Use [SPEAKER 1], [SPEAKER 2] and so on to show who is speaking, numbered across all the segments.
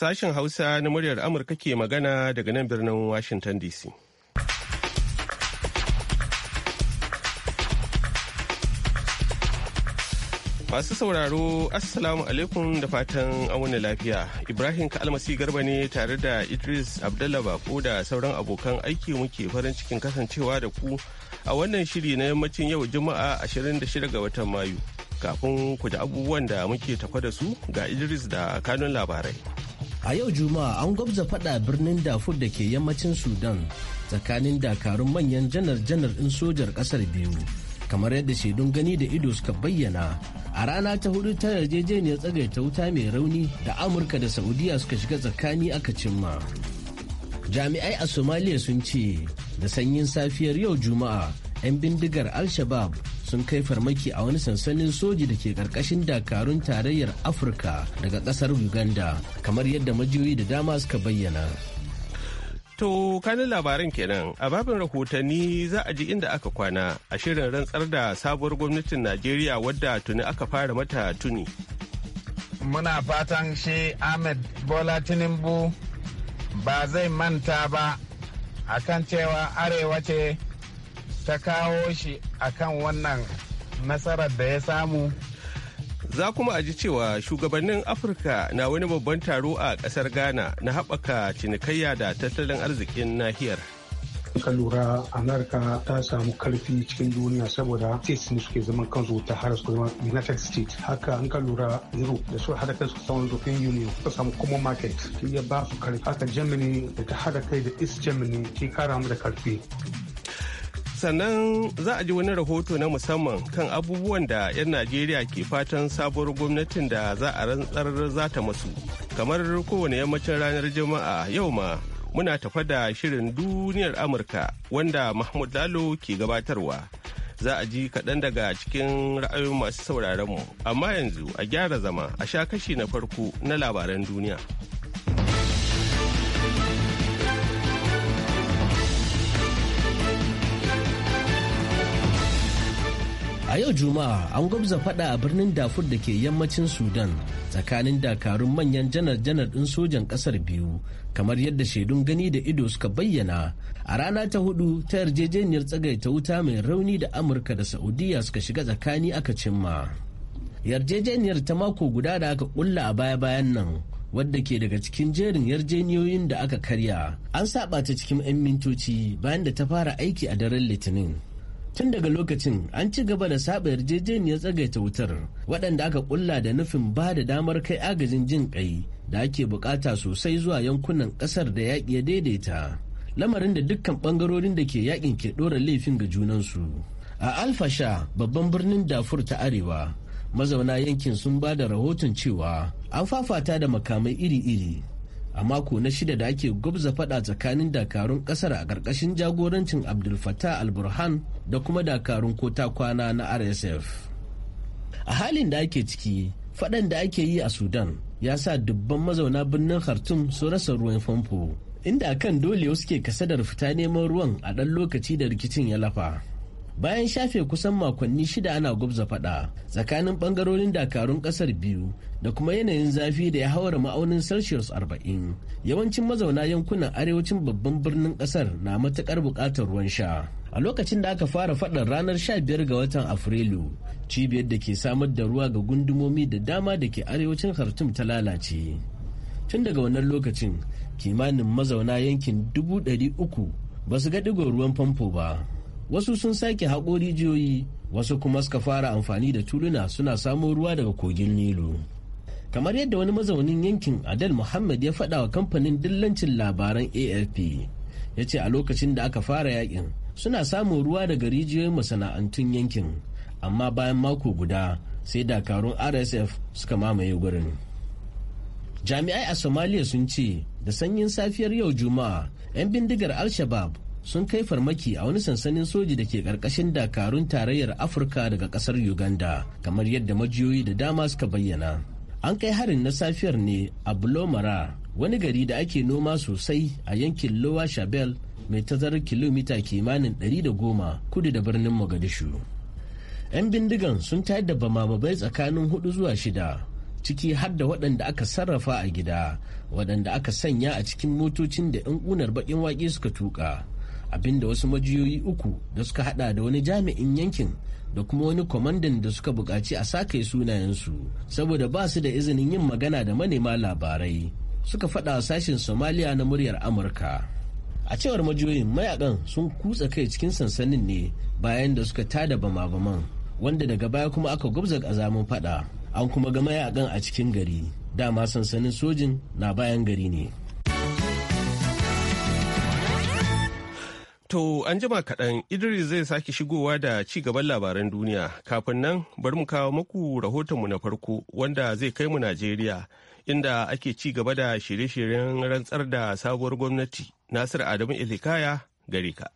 [SPEAKER 1] Sashen Hausa na muryar Amurka ke magana daga nan birnin Washington DC. Masu sauraro, Assalamu alaikum da fatan auna lafiya. Ibrahim Kalmasi Garba ne tare da Idris Abdullah Bako da sauran abokan aiki muke farin cikin kasancewa da ku a wannan shiri na yammacin yau Juma'a 26 ga watan Mayu. Kafin ku da abubuwan da muke tafa da su ga Idris da kanun labarai.
[SPEAKER 2] a yau juma'a an gwabza fada birnin dafur da ke yammacin sudan tsakanin dakarun manyan janar-janar ɗin sojar ƙasar biyu kamar yadda shaidun gani da ido suka bayyana a rana ta hudu ta yarjejeniyar tsagaita wuta mai rauni da amurka da saudiya suka shiga tsakani aka cimma jami'ai a somaliya sun ce da sanyin safiyar yau juma'a 'yan bindigar al-shabab sun kai farmaki a wani sansanin soji da ke karkashin dakarun tarayyar afirka daga kasar uganda kamar yadda majiyoyi da dama suka bayyana
[SPEAKER 1] To kanin labaran kenan a babin rahotanni za a ji inda aka kwana a shirin rantsar da sabuwar gwamnatin Najeriya wadda tuni aka fara mata tuni.
[SPEAKER 3] Muna fatan shi Ahmed Bola Tinubu ba zai manta ba akan cewa arewa ce ta kawo shi a kan wannan nasarar da ya samu
[SPEAKER 1] za kuma a ji cewa shugabannin afirka na wani babban taro a kasar ghana na haɓaka cinikayya da tattalin arzikin nahiyar
[SPEAKER 4] ka lura amurka ta samu karfi cikin duniya saboda states ne suke zaman kansu ta har su zama united states haka an ka lura europe da su hada kai su samu european union ta samu common market ya ba su karfi haka germany da ta hada kai da east germany ke kara mu da karfi
[SPEAKER 1] sannan za a ji wani rahoto na musamman kan abubuwan da 'yan najeriya ke fatan sabuwar gwamnatin da za a rantsar za ta masu kamar kowane yammacin ranar juma'a yau ma muna tafa da shirin duniyar amurka wanda mahmud lalo ke gabatarwa za a ji kaɗan daga cikin ra'ayoyin masu sauraronmu amma yanzu a gyara zama a sha kashi na farko na labaran duniya. a yau
[SPEAKER 2] juma'a an gwabza fada a birnin dafur da ke yammacin sudan tsakanin dakarun manyan janar-janar ɗin sojan ƙasar biyu kamar yadda shaidun gani da ido suka bayyana a rana ta hudu ta yarjejeniyar tsagaita wuta mai rauni da amurka da saudiya suka shiga tsakani aka cimma yarjejeniyar ta mako guda da aka kulla a baya-bayan nan wadda ke daga cikin jerin yarjeniyoyin da aka karya an saba ta cikin 'yan mintoci bayan da ta fara aiki a daren litinin tun daga lokacin an ci gaba da saba yarjejeniyar tsagaita wutar waɗanda aka ƙulla da nufin ba da damar kai agajin jin ƙai da ake bukata sosai zuwa yankunan ƙasar da yaƙi ya daidaita lamarin da dukkan ɓangarorin da ke yaƙin ke ɗora laifin ga junansu a alfasha babban birnin dafur ta arewa mazauna yankin sun ba da rahoton cewa an fafata da makamai iri-iri a mako na shida da ake gwabza fada tsakanin dakarun kasar a ƙarƙashin jagorancin abdul fatta al da kuma dakarun kota kwana na rsf a halin da ake ciki fadan da ake yi a sudan ya sa dubban mazauna birnin khartoum su rasa ruwan famfo inda kan dole suke ke kasadar fita neman ruwan a ɗan lokaci da rikicin ya lafa bayan shafe kusan makonni shida ana gubza fada tsakanin bangarorin dakarun kasar biyu da kuma yanayin zafi da ya haura ma'aunin celsius 40 yawancin mazauna yankunan arewacin babban birnin kasar na matukar bukatar ruwan sha a lokacin da aka fara faɗan ranar 15 ga watan afrilu cibiyar da ke samar da ruwa ga gundumomi da dama da ke arewacin khartoum ta lalace tun daga wannan lokacin kimanin mazauna yankin dubu ba su ga digon ruwan famfo ba wasu sun sake haƙo rijiyoyi wasu kuma suka fara amfani da tuluna suna samo ruwa daga kogin nilu kamar yadda wani mazaunin yankin adal muhammad ya faɗa wa kamfanin dillancin labaran afp ya ce a lokacin da aka fara yakin suna samun ruwa daga rijiyoyin masana'antun yankin amma bayan mako guda sai dakarun rsf suka mamaye gurin jami'ai a somaliya sun ce da sanyin safiyar yau juma'a 'yan bindigar al-shabab sun kai farmaki a wani sansanin soji da ke karkashin dakarun tarayyar afirka daga kasar uganda kamar yadda majiyoyi da dama suka bayyana an kai harin na safiyar ne a bulomara wani gari da ake noma sosai a yankin lowa shabel mai tazarar kilomita kimanin 110 kudu da birnin mogadishu 'yan bindigan sun tayar da bamababai tsakanin hudu zuwa shida ciki har da waɗanda aka sarrafa a gida waɗanda aka sanya a cikin motocin da 'yan ƙunar baƙin waƙe suka tuka. abinda wasu majiyoyi uku da suka hada da wani jami'in yankin da kuma wani kwamandan da suka buƙaci a sake sunayensu saboda ba su da izinin yin magana da manema labarai suka faɗawa sashen somaliya na muryar amurka a cewar majiyoyin mayakan sun kutsa kai cikin sansanin ne bayan da suka tada bama-baman wanda daga baya kuma aka gwabza azamin faɗa an kuma ga mayakan a cikin gari dama sansanin sojin na bayan gari ne
[SPEAKER 1] To an jima kaɗan Idris zai sake shigowa da ci gaban labaran duniya kafin nan bari mu kawo muku rahotonmu na farko wanda zai kai mu Najeriya inda ake ci gaba da shirye-shiryen rantsar da sabuwar gwamnati Nasir Adamu Ilikaya gare ka.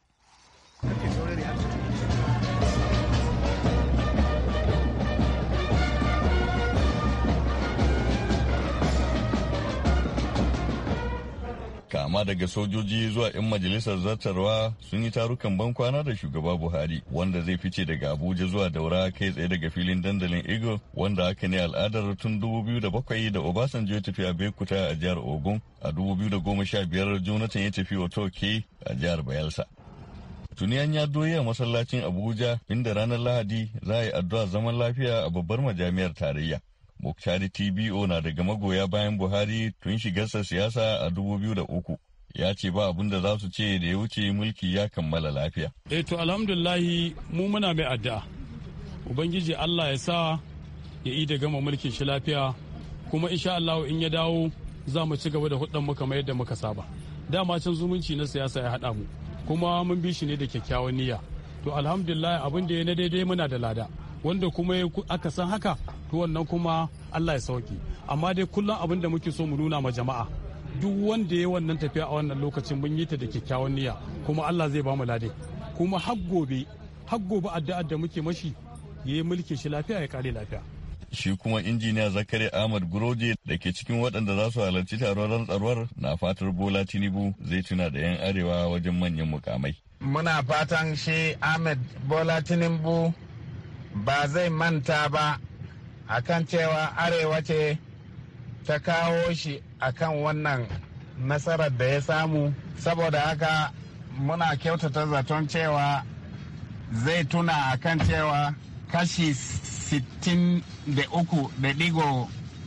[SPEAKER 5] kama daga sojoji zuwa 'yan majalisar zartarwa sun yi tarukan ban kwana da shugaba buhari wanda zai fice daga abuja zuwa daura kai tsaye daga filin dandalin eagle wanda haka ne al'adar tun 2007 da obasanjo ya tafi abekuta a jihar ogun a 2015 jonathan ya tafi otoke a jihar bayelsa tuni an yado a masallacin abuja inda ranar lahadi za a yi addu'a zaman lafiya a babbar majami'ar tarayya Bukhari TBO na daga magoya bayan Buhari tun shigarsa siyasa a 2003. ya ce ba abin da za su ce da ya wuce mulki ya kammala lafiya.
[SPEAKER 4] eh to alhamdulillahi mu muna mai addu'a. Ubangiji Allah ya sa ya yi da gama mulkin shi lafiya kuma insha Allah in ya dawo za mu ci gaba da hudan mu kamar yadda muka saba. Dama can zumunci na siyasa ya haɗa mu kuma mun bi shi ne da kyakkyawan niyya. To alhamdulillah abin da ya na daidai muna da lada wanda kuma aka san haka to wannan kuma Allah ya sauki amma dai kullum abin da muke so mu nuna ma jama'a duk wanda ya wannan tafiya a wannan lokacin mun yi ta da kyakkyawan niyya kuma Allah zai ba mu lade kuma har gobe har gobe addu'ar da muke mashi ya yi mulki shi lafiya ya kare lafiya
[SPEAKER 5] shi kuma injiniya zakari ahmad guroje da ke cikin waɗanda za su halarci taron rantsarwar na fatar bola tinubu zai tuna da 'yan arewa wajen manyan mukamai
[SPEAKER 3] muna fatan shi ahmed bola tinubu ba zai manta ba a kan cewa arewa ce ta kawo shi a kan wannan nasarar da ya samu saboda haka muna kyautata zaton cewa zai tuna a kan cewa kashi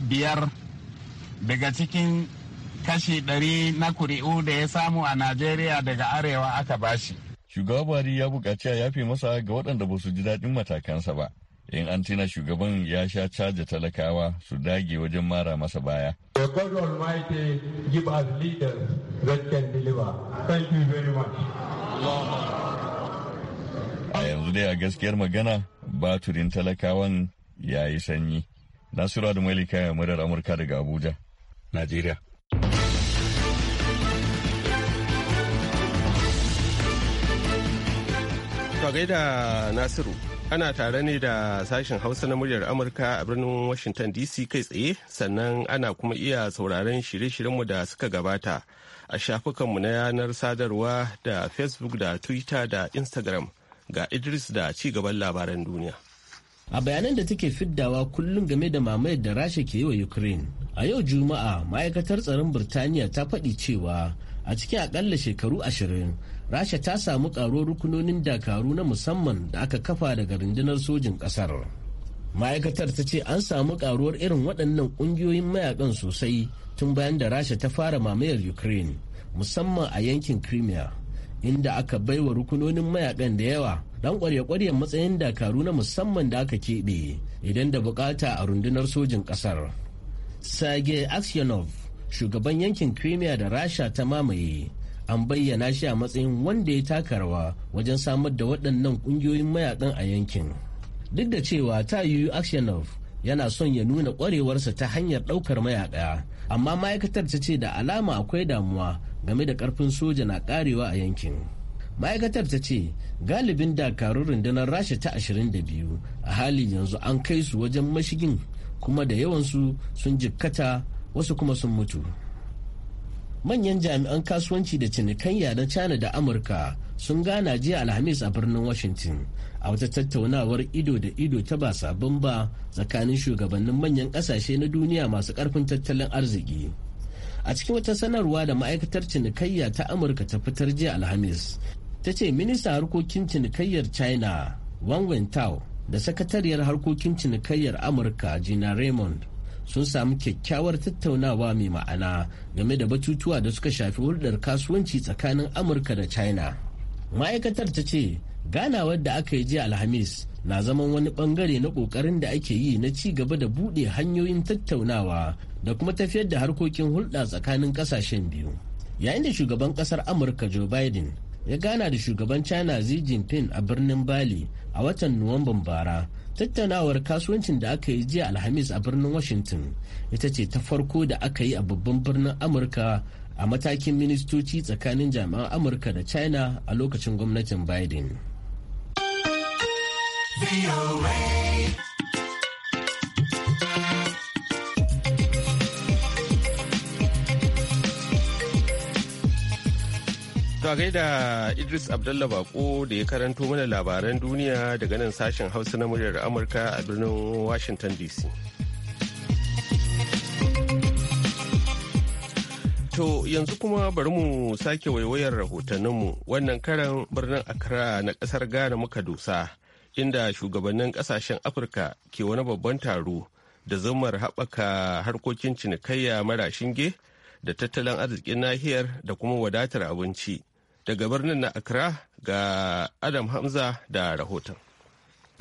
[SPEAKER 3] biyar daga
[SPEAKER 5] cikin kashi 100 na kuri'u da ya samu a najeriya daga arewa aka bashi shugaba buhari ya bukaci a yafe masa ga waɗanda ba su ji daɗin matakansa ba in an tina shugaban ya sha caja talakawa su dage wajen mara masa baya. The God
[SPEAKER 4] Almighty give us leaders that can deliver. Thank you very much.
[SPEAKER 5] A yanzu dai a gaskiyar magana baturin talakawan ya yi sanyi. Nasiru Adamu ya murar Amurka daga Abuja, Najeriya.
[SPEAKER 1] a gaida Nasiru. Ana tare ne da sashen Hausa na muryar Amurka a birnin Washington DC kai tsaye sannan ana kuma iya sauraron shirye-shiryenmu da suka gabata a shafukanmu na yanar sadarwa da Facebook da Twitter da Instagram ga Idris da ci gaban labaran duniya.
[SPEAKER 2] A bayanan da take fiddawa kullum game da mamayar da Rasha ke yi wa Ukraine, a yau Juma'a ma'aikatar tsaron Birtaniya ta faɗi cewa a cikin akalla shekaru ashirin rasha ta samu ƙaruwar rukunonin dakaru na musamman da aka kafa daga rundunar sojin ƙasar ma'aikatar ta ce an samu ƙaruwar irin waɗannan ƙungiyoyin mayakan sosai tun bayan da rasha ta fara mamayar ukraine musamman a yankin crimea inda aka baiwa rukunonin mayakan da yawa dan kwarya-kwaryen matsayin dakaru na musamman da aka keɓe idan da bukata a rundunar sojin ƙasar. Sage Aksyonov, shugaban yankin Crimea da Rasha ta mamaye, an bayyana shi a matsayin wanda ya taka rawa wajen samar da waɗannan ƙungiyoyin mayakan a yankin duk da cewa ta yi Akshenov yana son ya nuna ƙwarewarsa ta hanyar ɗaukar mayaƙa amma ma'aikatar ta ce da alama akwai damuwa game da ƙarfin soja na ƙarewa a yankin ma'aikatar ta ce galibin dakarun rundunar rasha ta ashirin da biyu, a halin yanzu an kai su wajen mashigin kuma da yawansu sun jikkata wasu kuma sun mutu manyan jami'an kasuwanci da cinikayya na china da amurka sun gana jiya alhamis a birnin washington a wata tattaunawar ido da ido ta ba sabon ba tsakanin shugabannin manyan kasashe na duniya masu karfin tattalin arziki a cikin wata sanarwa da ma'aikatar cinikayya ta amurka ta fitar jiya alhamis ta ce ministan harkokin cinikayyar china wang wentao da sakatariyar harkokin cinikayyar amurka gina raymond sun samu kyakkyawar tattaunawa mai ma'ana game da batutuwa da suka shafi hulɗar kasuwanci tsakanin amurka da china ma'aikatar ta ce ganawar da aka yi jiya alhamis na zaman wani bangare na ƙoƙarin da ake yi na ci gaba da buɗe hanyoyin tattaunawa da kuma tafiyar da harkokin hulɗa tsakanin ƙasashen biyu yayin da shugaban ƙasar amurka joe biden ya gana da shugaban china xi jinping a birnin bali a watan nuwamban bara tattaunawar kasuwancin da aka yi jiya alhamis a birnin washington ita ce ta farko da aka yi a babban birnin amurka a matakin ministoci tsakanin jami'an amurka da china a lokacin gwamnatin biden.
[SPEAKER 1] a gaida Idris Abdalla Bako da ya karanto mana labaran duniya daga nan sashen Hausa na muryar Amurka a birnin Washington DC. To yanzu kuma bari mu sake waiwayar rahotanninmu wannan karan birnin Accra na kasar Ghana muka dosa inda shugabannin kasashen Afirka ke wani babban taro da zumar haɓaka harkokin cinikayya mara shinge da tattalin arzikin nahiyar da kuma wadatar abinci. daga birnin na Accra ga Adam Hamza da rahoton.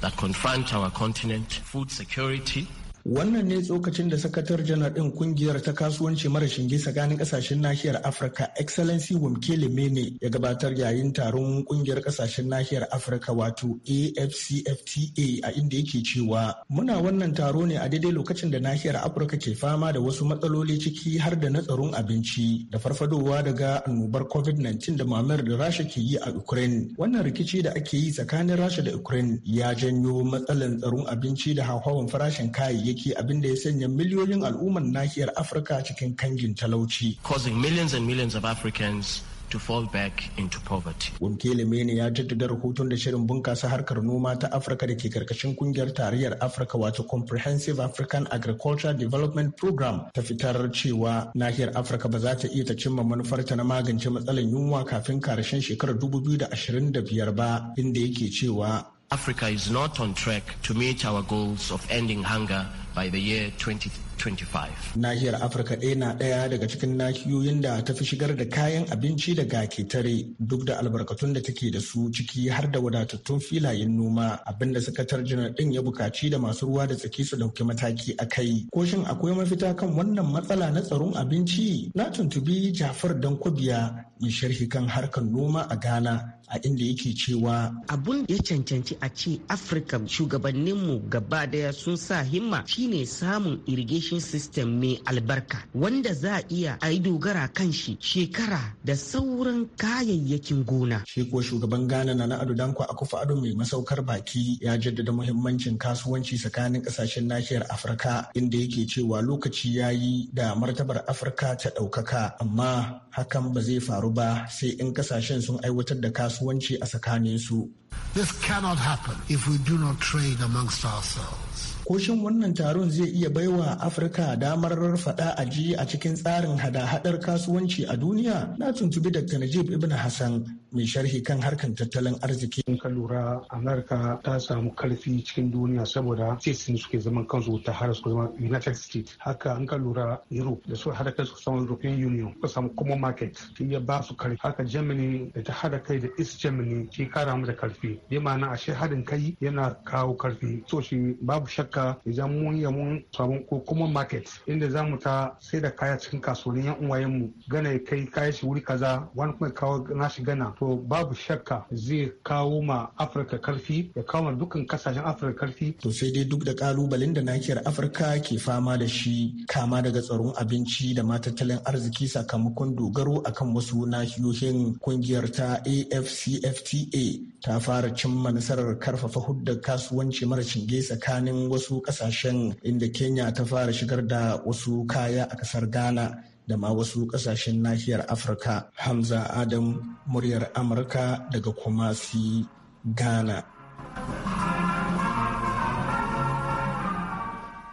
[SPEAKER 1] That confront our continent, food security,
[SPEAKER 3] wannan ne tsokacin da sakatar janar ɗin kungiyar ta kasuwanci mara shinge tsakanin ƙasashen nahiyar afirka excellency wamkele mene ya gabatar yayin taron kungiyar ƙasashen nahiyar afirka wato afcfta a inda yake cewa muna wannan taro ne a daidai lokacin da nahiyar afirka ke fama da wasu matsaloli ciki har da na tsaron abinci da farfadowa daga annobar covid-19 da mamayar da rasha ke yi a ukraine wannan rikici da ake yi tsakanin rasha da ukraine ya janyo matsalar tsaron abinci da hauhawan farashin kayayyaki arziki abin da ya sanya miliyoyin al'ummar nahiyar Afirka cikin kangin
[SPEAKER 2] talauci. Causing millions and millions of Africans to fall back into poverty.
[SPEAKER 3] Wunkele Mene ya jaddada rahoton da shirin bunkasa harkar noma ta Afirka da ke karkashin kungiyar tarayyar Afirka wato Comprehensive African Agriculture Development Program ta fitar cewa nahiyar Afirka ba za ta iya ta cimma manufarta na magance matsalar yunwa kafin karshen shekarar 2025 ba inda yake cewa
[SPEAKER 2] Africa is not on track to meet our goals of ending hunger by the year 2025.
[SPEAKER 3] Nahiyar Afirka ɗaya na ɗaya daga cikin nahiyoyin da ta fi shigar da kayan abinci daga ketare duk da albarkatun da take da su ciki har da wadatattun filayen noma abinda sakatar janar ɗin ya bukaci da masu ruwa da tsaki su ɗauki mataki a kai. Ko shin akwai mafita kan wannan matsala na tsaron abinci? Na tuntubi Jafar Dankwabiya mai sharhi kan harkar noma a Ghana a inda yake cewa abun ya cancanci a ce Afirka shugabanninmu gaba daya sun sa himma shi shine samun irrigation system mai albarka wanda za a iya a yi dogara kan shi shekara da sauran kayayyakin gona. Shi shugaban Ghana na Ado Danko kufa Ado mai masaukar baki ya jaddada muhimmancin kasuwanci tsakanin kasashen nahiyar Afirka inda yake cewa lokaci ya yi da martabar Afirka ta ɗaukaka amma hakan ba zai faru ba sai in kasashen sun aiwatar da kasuwanci a tsakaninsu. This cannot happen if we do not trade amongst ourselves. ko wannan taron zai iya baiwa afirka damar faɗa a ji a cikin tsarin hada-hadar kasuwanci a duniya na tuntubi dr najib ibn hassan mai sharhi kan harkan tattalin arziki. In ka lura Amurka ta samu karfi cikin duniya saboda
[SPEAKER 4] states ne suke zaman kansu ta har su zama United States. Haka in ka lura Europe da su hada kai su European Union su samu common market ta iya ba su karfi. Haka Germany da ta hada kai da East Germany ke kara mu da karfi. Bi ma'ana ashe hadin kai yana kawo karfi. So shi babu shakka idan mun yi mun samu ko common market inda za mu ta sai da kaya cikin kasuwannin yan uwayenmu gana ya kai kaya shi wuri kaza wani kuma kawo nashi gana to babu
[SPEAKER 3] shakka zai kawo ma afirka karfi ya kawo ma dukkan kasashen afirka karfi to sai dai duk da kalubalen da nakiyar afirka ke fama da shi kama daga tsaron abinci da ma tattalin arziki sakamakon dogaro akan wasu nahiyoyin kungiyar ta afcfta ta fara cimma nasarar karfafa huddar kasuwanci mara shinge tsakanin wasu kasashen inda kenya ta fara shigar da wasu kaya a kasar ghana da ma wasu kasashen nahiyar afirka hamza adam muryar amurka daga kumasi ghana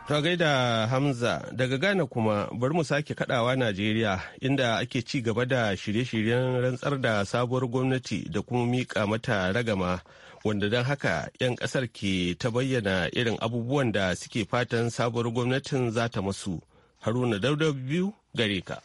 [SPEAKER 1] ta gaida Hamza daga Ghana kuma bari mu sake kadawa Najeriya inda ake ci gaba da shirye-shiryen rantsar da sabuwar gwamnati da kuma miƙa mata ragama wanda don haka 'yan ƙasar ke ta bayyana irin abubuwan da suke fatan sabuwar gwamnatin za ta masu. haruna dauda biyu gare ka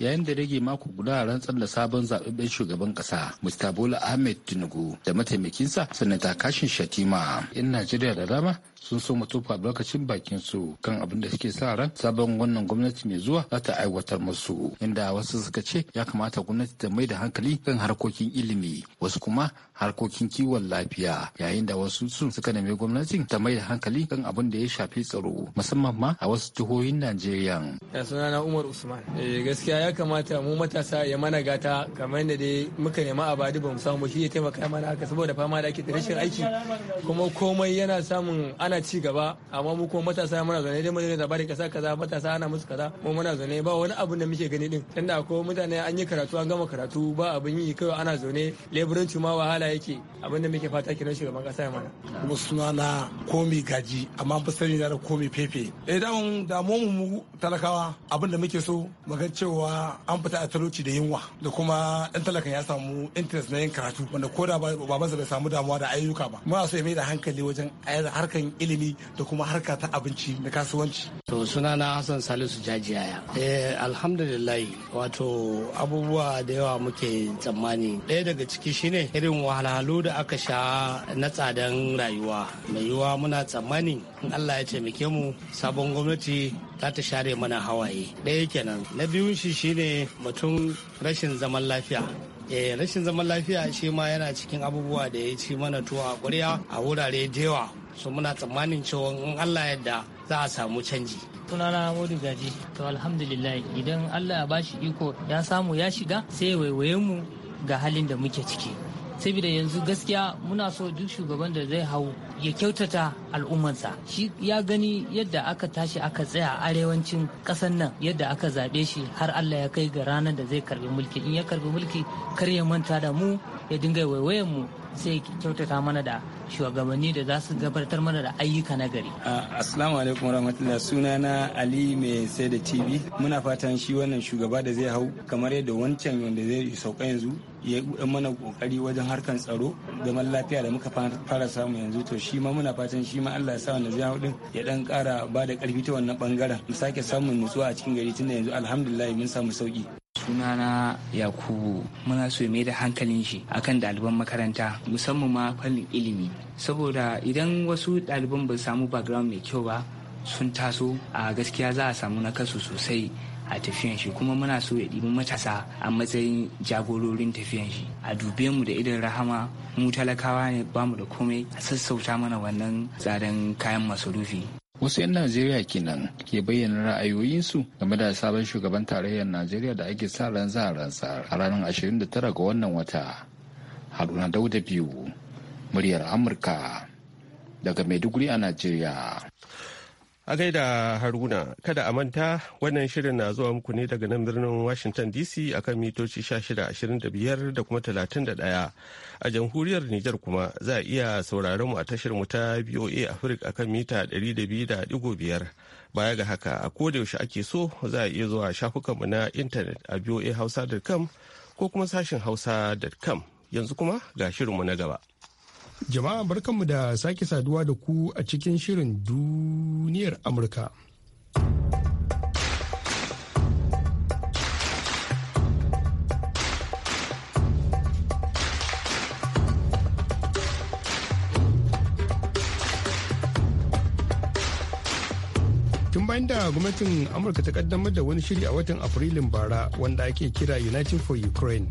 [SPEAKER 1] yayin da rage mako guda a rantsar da sabon zababben shugaban kasa mr bola ahmed tinubu da mataimakinsa sanata kashin shatima yan najeriya da dama sun so mu tufa lokacin bakin su kan abin da suke sa ran sabon wannan gwamnati mai zuwa za ta aiwatar musu inda wasu suka ce ya kamata gwamnati ta mai da hankali kan harkokin ilimi wasu kuma harkokin kiwon lafiya yayin da wasu sun suka nemi gwamnatin ta mai da hankali kan abin da ya shafi tsaro musamman ma a wasu jihohin Najeriya.
[SPEAKER 3] Ya sunana Umar Usman.
[SPEAKER 4] Eh gaskiya ya kamata mu matasa ya mana gata kamar yadda dai muka nema a badi ba mu samu shi ya taimaka mana haka saboda fama da ake da rashin aiki kuma komai yana samun ana ana ci gaba amma mu kuma matasa muna zane dai muna da bari kasa kaza matasa ana musu kaza mu muna zane ba wani abu da muke gani din tunda ko mutane an yi karatu an gama karatu ba abin yi kawai ana zaune leburanci ma wahala yake abin da muke fata kenan shugaban kasa ya mana
[SPEAKER 3] kuma suna na komi gaji amma fi sani da komi fefe eh mun da mu talakawa abin da muke so magan cewa an fita a taloci da yunwa da kuma dan talakan ya samu interest na yin karatu wanda ko ba ba bai samu damuwa da ayyuka ba muna so ya mai da hankali wajen harkan ilimi da kuma harka ta abinci na kasuwanci. To sunana
[SPEAKER 4] Hassan Salisu Jajiyaya. Eh alhamdulillah wato abubuwa da yawa muke tsammani. Ɗaya daga ciki shine irin wahalhalu da aka sha na tsadan rayuwa. Mai yiwuwa muna tsammani in Allah ya taimake mu sabon gwamnati za ta share mana hawaye. Ɗaya kenan. Na
[SPEAKER 1] biyun shi shine mutum
[SPEAKER 4] rashin zaman lafiya. eh rashin zaman lafiya shi ma
[SPEAKER 3] yana cikin abubuwa da ya ci mana tuwa a ƙwarya a wurare da yawa su muna tsammanin cewa in allah yadda za a samu canji sunana Modu Gaji to alhamdulillah idan Allah ya bashi iko ya samu ya shiga sai ya waiwaye mu ga halin da muke ciki saboda yanzu gaskiya muna so duk shugaban da zai hau ya kyautata al'ummarsa shi ya gani yadda aka tashi aka tsaya a arewacin ƙasar nan yadda aka zaɓe shi har allah ya kai ga ranar da zai karbi mulki in ya karbi mulki kar ya manta da mu ya dinga waiwayen mu sai kyautata mana da shugabanni da za su gabatar mana da ayyuka na gari.
[SPEAKER 4] Assalamu alaikum warahmatullahi sunana Ali mai sai da TV muna fatan shi wannan shugaba da zai hau kamar yadda wancan wanda zai sauka yanzu ya yi mana kokari wajen harkar tsaro zaman lafiya da muka fara samu yanzu to shi ma muna fatan shi ma Allah ya sa wannan zai din ya dan kara ba da karfi ta wannan bangaren mu sake samun nutsuwa a cikin gari tunda yanzu alhamdulillah
[SPEAKER 3] mun samu sauki sunana yakubu muna so mai da hankalin shi akan ɗaliban makaranta musamman ma fannin ilimi saboda idan wasu ɗaliban ba samu background mai kyau ba sun taso a gaskiya za a samu na kasu sosai a tafiyan shi kuma muna so ya ɗibi matasa a matsayin jagororin tafiyan shi a dube mu da idan rahama mu talakawa ne bamu da komai a sassauta mana wannan tsadan kayan masarufi
[SPEAKER 1] Wasu 'yan Najeriya kenan ke bayyana ra'ayoyinsu game da sabon shugaban tarayyar Najeriya da ake sa ran za a ransa a ranar 29 ga wannan wata. Haruna Dauda biyu, muryar Amurka daga Maiduguri a Najeriya. A gaida Haruna, kada a manta wannan shirin na zuwa muku ne daga nan birnin Washington DC akan mitoci 1625 da kuma 31. A jamhuriyar Nijar kuma za a iya sauraron mu a tashar mu ta BOA Africa akan mita 200.5. Baya ga haka a yaushe ake so za a iya zuwa shafukanmu na intanet a hausa.com ko kuma sashin hausa.com yanzu kuma ga shirinmu na gaba.
[SPEAKER 4] Jama'a barkanmu da sake saduwa da ku a cikin shirin duniyar Amurka. tun bayan da gwamnatin amurka ta kaddamar da wani shiri a watan afrilun bara wanda ake kira united for ukraine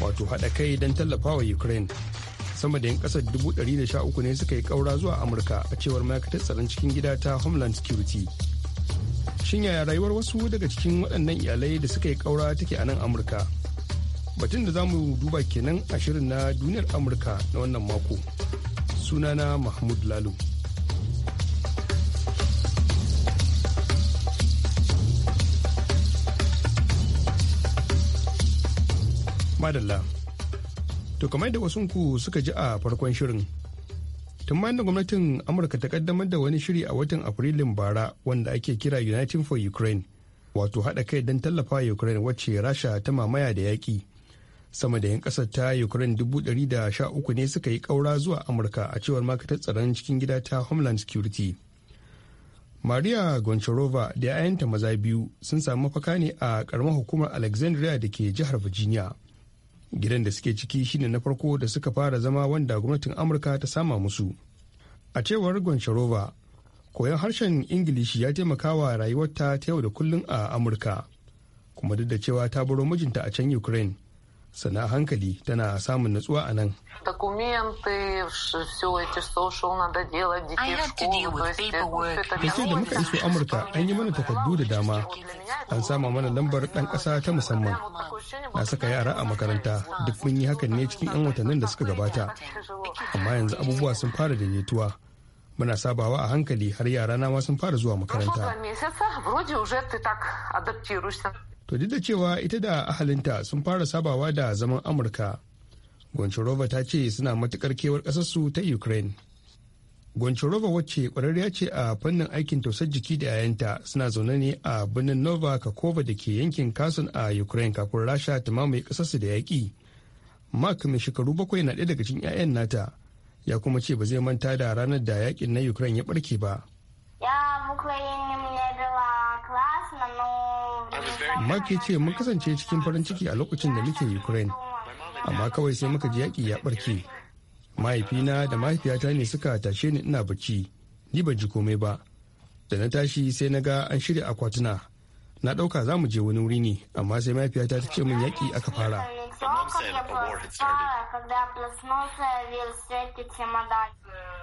[SPEAKER 4] wato haɗa kai don tallafawa ukraine sama da 'yan kasar 113 ne suka yi kaura zuwa amurka a cewar ma'aikatar tsaron cikin gida ta homeland security shin yaya rayuwar wasu daga cikin waɗannan iyalai da suka yi kaura take a nan amurka batun da za mu duba kenan a shirin na duniyar amurka na wannan mako sunana mahmud lalu madalla To kamar da wasu ku suka ji a farkon shirin. Tun bayan da gwamnatin Amurka ta kaddamar da wani shiri a watan Afrilun bara wanda ake kira Uniting for Ukraine, wato haɗa kai don tallafa Ukraine wacce Rasha ta mamaya da yaƙi. Sama da 'yan ƙasar ta Ukraine dubu ɗari da sha uku ne suka yi ƙaura zuwa Amurka a cewar makatar tsaron cikin gida ta Homeland Security. Maria Goncharova da 'ya'yanta maza biyu sun samu mafaka ne a ƙaramar hukumar Alexandria da ke jihar Virginia. gidan da suke ciki shine na farko da suka fara zama wanda gwamnatin amurka ta sama musu a cewar goncharova koyon harshen ingilishi ya taimaka wa rayuwarta ta yau da kullum a amurka kuma duk da cewa ta baro mijinta a can ukraine sana hankali tana samun natsuwa a nan.
[SPEAKER 6] Tafiye da
[SPEAKER 4] muka iso Amurka an yi mana takardu da dama, an sama mana lambar ɗan ƙasa ta musamman. Na saka yara a makaranta duk mun yi hakan ne cikin 'yan watannin da suka gabata. Amma yanzu abubuwa sun fara daidaituwa. muna sabawa a hankali har yara na ma sun fara zuwa makaranta. to duk da cewa ita da ahalinta sun fara sabawa da zaman amurka goncharova ta ce suna matukar kewar ƙasarsu ta ukraine goncharova wacce kwararriya ce a fannin aikin tausar jiki da yayanta suna zaune ne a birnin nova kakova da ke yankin kasan a ukraine kafin rasha ta mamaye ƙasarsu da yaƙi mark mai shekaru bakwai na ɗaya daga cikin 'ya'yan nata ya kuma ce ba zai manta da ranar da yaƙin na ukraine ya ɓarke ba. Mark ya ce mun kasance cikin farin ciki a lokacin da muke Ukraine, amma kawai sai muka ji yaƙi ya ɓarke. Mahaifina da mahaifiyata ne suka tashe ni ina bacci, ni ban ji komai ba. Da na tashi sai na ga an shirya akwatuna. Na ɗauka za mu je wani wuri ne, amma sai mahaifiyata ta ce mun yaƙi aka fara.
[SPEAKER 2] срока когда проснулся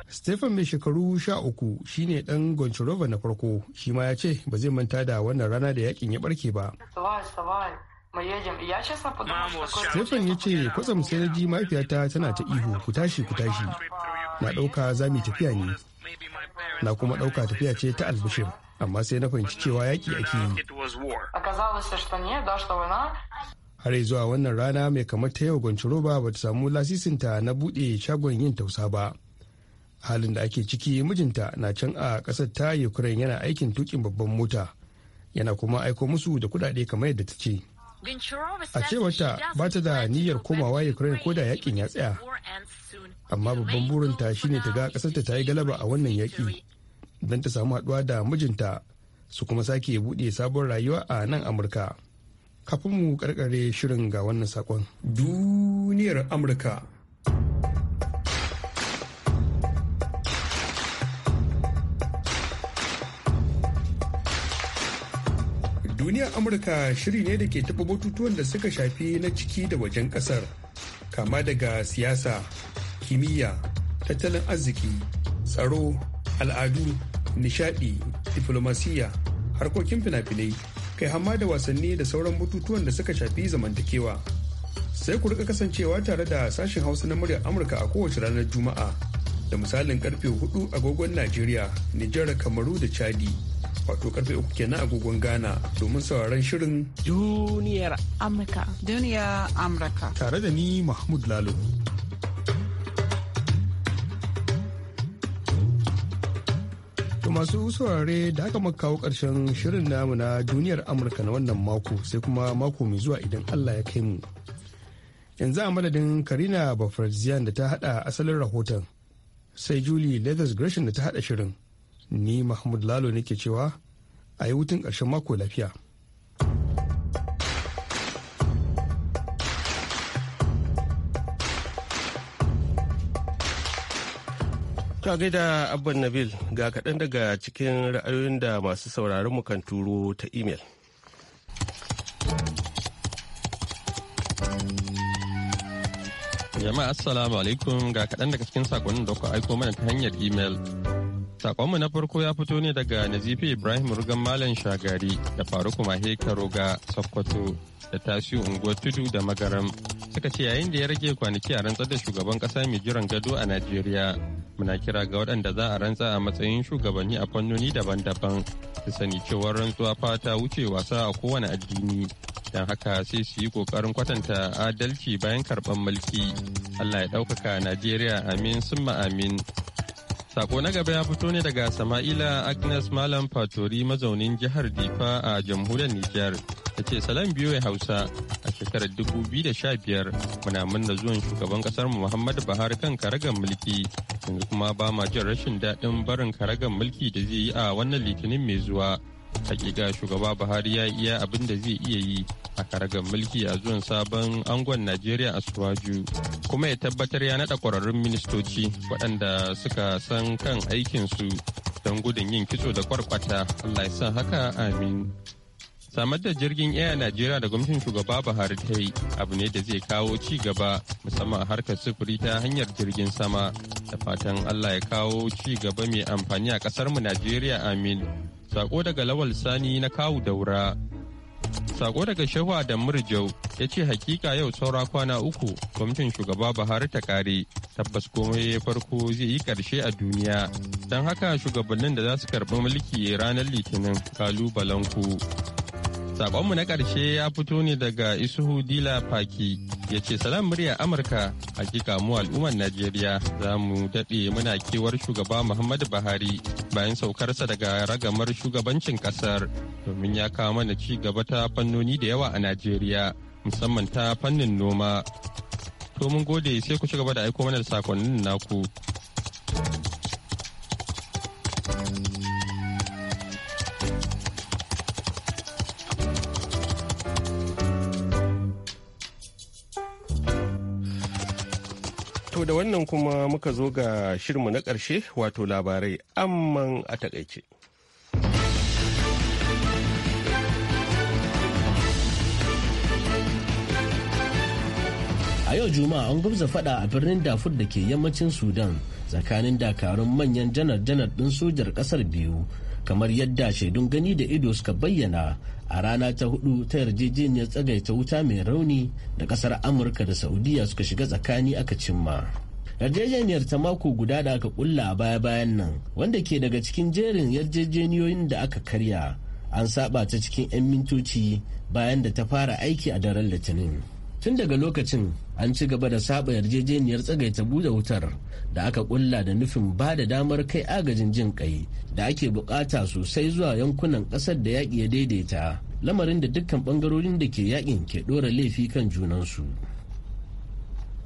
[SPEAKER 4] Stephen mai shekaru sha uku ne ɗan Goncharova na farko shi ma ya ce ba zai manta da wannan rana da yakin ya barke ba. Stephen ya ce kwatsam sai na ji mahaifiyata tana ta ihu ku tashi ku tashi na ɗauka za mu tafiya ne na kuma ɗauka tafiya ce ta albishir amma sai na fahimci cewa yaƙi ake yi. har zuwa wannan rana mai kamar ta yau gwanciro ba ta samu lasisinta na buɗe shagon yin tausa ba halin da ake ciki mijinta na can a ƙasar ta ukraine yana aikin tukin babban mota yana kuma aiko musu da kuɗaɗe kamar yadda ta ce
[SPEAKER 2] a cewarta ba ta da niyyar komawa
[SPEAKER 4] ukraine ko da yakin ya tsaya amma babban burinta shine ta ga ƙasarta ta yi galaba a wannan yaƙi don ta samu haɗuwa da mijinta su kuma sake buɗe sabon rayuwa a nan amurka kafin mu karkare shirin ga wannan sakon. Duniyar Amurka. Duniyar Amurka shiri ne da ke taɓa batutuwan da suka shafi na ciki da wajen ƙasar, kama daga siyasa, kimiyya, tattalin arziki, tsaro, al'adu, nishadi, diflomasiyya, harkokin fina-finai. kai Hama da wasanni da sauran bututuwan da suka shafi zamantakewa. Sai ku rika kasancewa tare da sashen Hausa na muryar Amurka a kowace ranar Juma'a da misalin karfe 4 agogon Najeriya, Nijar, Kamaru da Chadi. Wato karfe 3 kenan agogon Ghana domin sauraron shirin
[SPEAKER 3] Duniyar Amurka. Duniyar Amurka.
[SPEAKER 4] Tare da ni Mahmud Lalo. masu saurare da aka kawo ƙarshen shirin namu na duniyar amurka na wannan mako sai kuma mako mai zuwa idan allah ya kai mu yanzu a madadin karina bafarziyan da ta hada asalin rahoton sai julie leathers gresham da ta hada shirin ni mahmud lalo nake cewa a yi hutun ƙarshen mako lafiya
[SPEAKER 1] To gaida Abban Nabil ga kaɗan daga cikin ra'ayoyin da masu sauraron mu kan turo ta imel.
[SPEAKER 6] Jama'a Assalamu alaikum ga kaɗan daga cikin sakonin da ku aiko mana ta hanyar imel. Sakonmu na farko ya fito ne daga Nazifi Ibrahim Rugan Malam Shagari da Faruku Mahe Karoga Sokoto da Tasiu Unguwar Tudu da Magaram suka ce yayin da ya rage kwanaki a rantsar da shugaban ƙasa mai jiran gado a Najeriya. muna kira ga waɗanda za a rantsa a matsayin shugabanni a fannoni daban-daban su sani cewar rantsuwa fata wuce wasa a kowane addini don haka sai su yi ƙoƙarin kwatanta adalci bayan karɓar mulki allah ya ɗaukaka najeriya amin summa amin Sako na gaba ya fito ne daga Sama'ila Agnes Malam Fatori mazaunin jihar Difa a jamhuriyar Nijar. Ta ce salam biyu Hausa a shekarar 2015 muna munna zuwan shugaban kasar Muhammadu Buhari kan karagan mulki. Yanzu kuma ba ma jin rashin daɗin barin karagan mulki da zai yi a wannan litinin mai zuwa. hakika shugaba buhari ya iya abin da zai iya yi a karagar mulki a zuwan sabon angon najeriya a suwaju kuma ya tabbatar ya naɗa kwararrun ministoci waɗanda suka san kan aikinsu don gudun yin kitso da kwarkwata allah ya san haka amin samar da jirgin air najeriya da gwamnatin shugaba buhari ta yi abu ne da zai kawo ci gaba musamman a harkar sufuri ta hanyar jirgin sama da fatan allah ya kawo ci gaba mai amfani a kasar mu najeriya amin Sako daga Lawal Sani na kawu daura. Sako daga Shehu da Murjau ya ce hakika yau saura kwana uku gwamnatin shugaba Buhari ta kare tabbas komai ya farko zai yi karshe a duniya. Don haka shugabannin da za su karɓi mulki ranar Litinin kalubalanku. Sakonmu na ƙarshe ya fito ne daga Isuhu Dila Faki ya ce salam murya Amurka hakika mu al'ummar Najeriya za mu daɗe muna kewar shugaba Muhammadu Buhari bayan saukarsa daga ragamar shugabancin ƙasar domin ya kawo mana ci gaba ta fannoni da yawa a Najeriya musamman ta fannin noma. To mun gode sai ku ci gaba da aiko mana da sakonnin naku
[SPEAKER 1] wannan kuma muka zo ga shirmu na ƙarshe wato labarai amman a takaice.
[SPEAKER 2] A yau Juma'a an gubza fada a birnin Dafur da ke yammacin Sudan tsakanin dakarun manyan janar-janar ɗin sojar ƙasar biyu kamar yadda shaidun gani da ido suka bayyana a rana ta hudu ta yarjejeniyar tsagaita wuta mai rauni da kasar amurka da saudiya suka shiga tsakani aka cimma yarjejeniyar ta mako guda da aka kulla a baya-bayan nan wanda ke daga cikin jerin yarjejeniyoyin da aka karya an saba ta cikin 'yan mintoci bayan da ta fara aiki a daren litinin tun daga lokacin an ci gaba da saba yarjejeniyar tsagaita buɗe wutar da aka kulla da nufin ba da damar kai agajin jin kai da ake bukata sosai zuwa yankunan ƙasar da yaƙi ya daidaita lamarin da dukkan ɓangarorin da ke yaƙin ke ɗora laifi kan junansu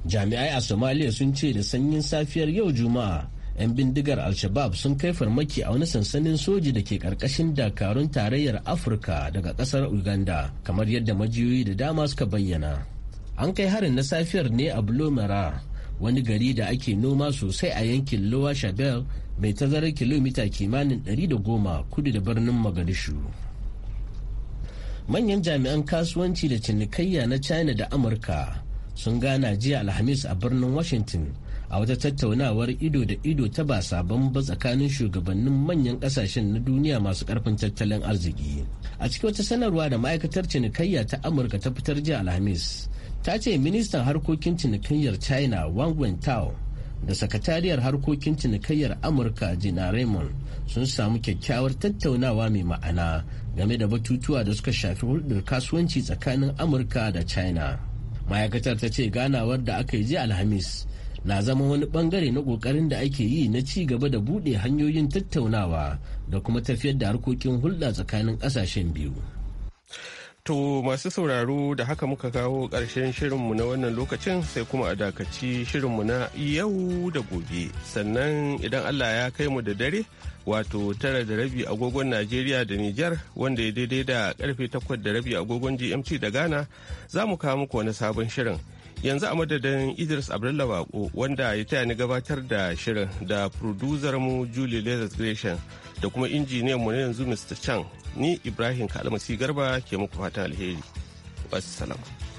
[SPEAKER 2] jami'ai a somaliya sun ce da sanyin safiyar yau juma'a 'yan bindigar al-shabab sun kai farmaki a wani sansanin soji da ke karkashin dakarun tarayyar afirka daga kasar uganda kamar yadda majiyoyi da dama suka bayyana an kai harin na safiyar ne a blomara wani gari da ake noma sosai a yankin lowa shabel mai tazarar kilomita kimanin 110 kudu da birnin magadishu manyan jami'an kasuwanci da cinikayya na china da amurka sun gana jiya alhamis a birnin washington a wata tattaunawar ido da ido ta ba sabon ba tsakanin shugabannin manyan kasashen na duniya masu karfin tattalin arziki a cikin wata sanarwa da ma'aikatar cinikayya ta amurka ta fitar jiya alhamis ta ce ministan harkokin cinikayyar china wang wentao da sakatariyar harkokin cinikayyar amurka jina raymond sun samu kyakkyawar tattaunawa mai ma'ana game da batutuwa da suka shafi hulɗar kasuwanci tsakanin amurka da china ma'aikatar ta ce ganawar da aka yi ji alhamis na zama wani bangare na kokarin da ake yi na ci gaba da bude hanyoyin tattaunawa da kuma tafiyar da harkokin hulɗa tsakanin ƙasashen biyu.
[SPEAKER 1] To masu sauraro da haka muka kawo ƙarshen shirinmu na wannan lokacin sai kuma a dakaci shirinmu na yau da gobe. Sannan idan Allah ya kai mu da dare wato tara da rabi agogon Najeriya da Nijar wanda ya daidai da karfe takwas da rabi agogon GMT da Ghana za mu kawo muku wani sabon shirin. yanzu a madadin idris abdullah bako wanda ya taya ni gabatar da shirin da producer mu julie lezard gresham da kuma injiniyan mu na yanzu mr chang ni ibrahim kalmasi garba ke muku fatan alheri wasu salama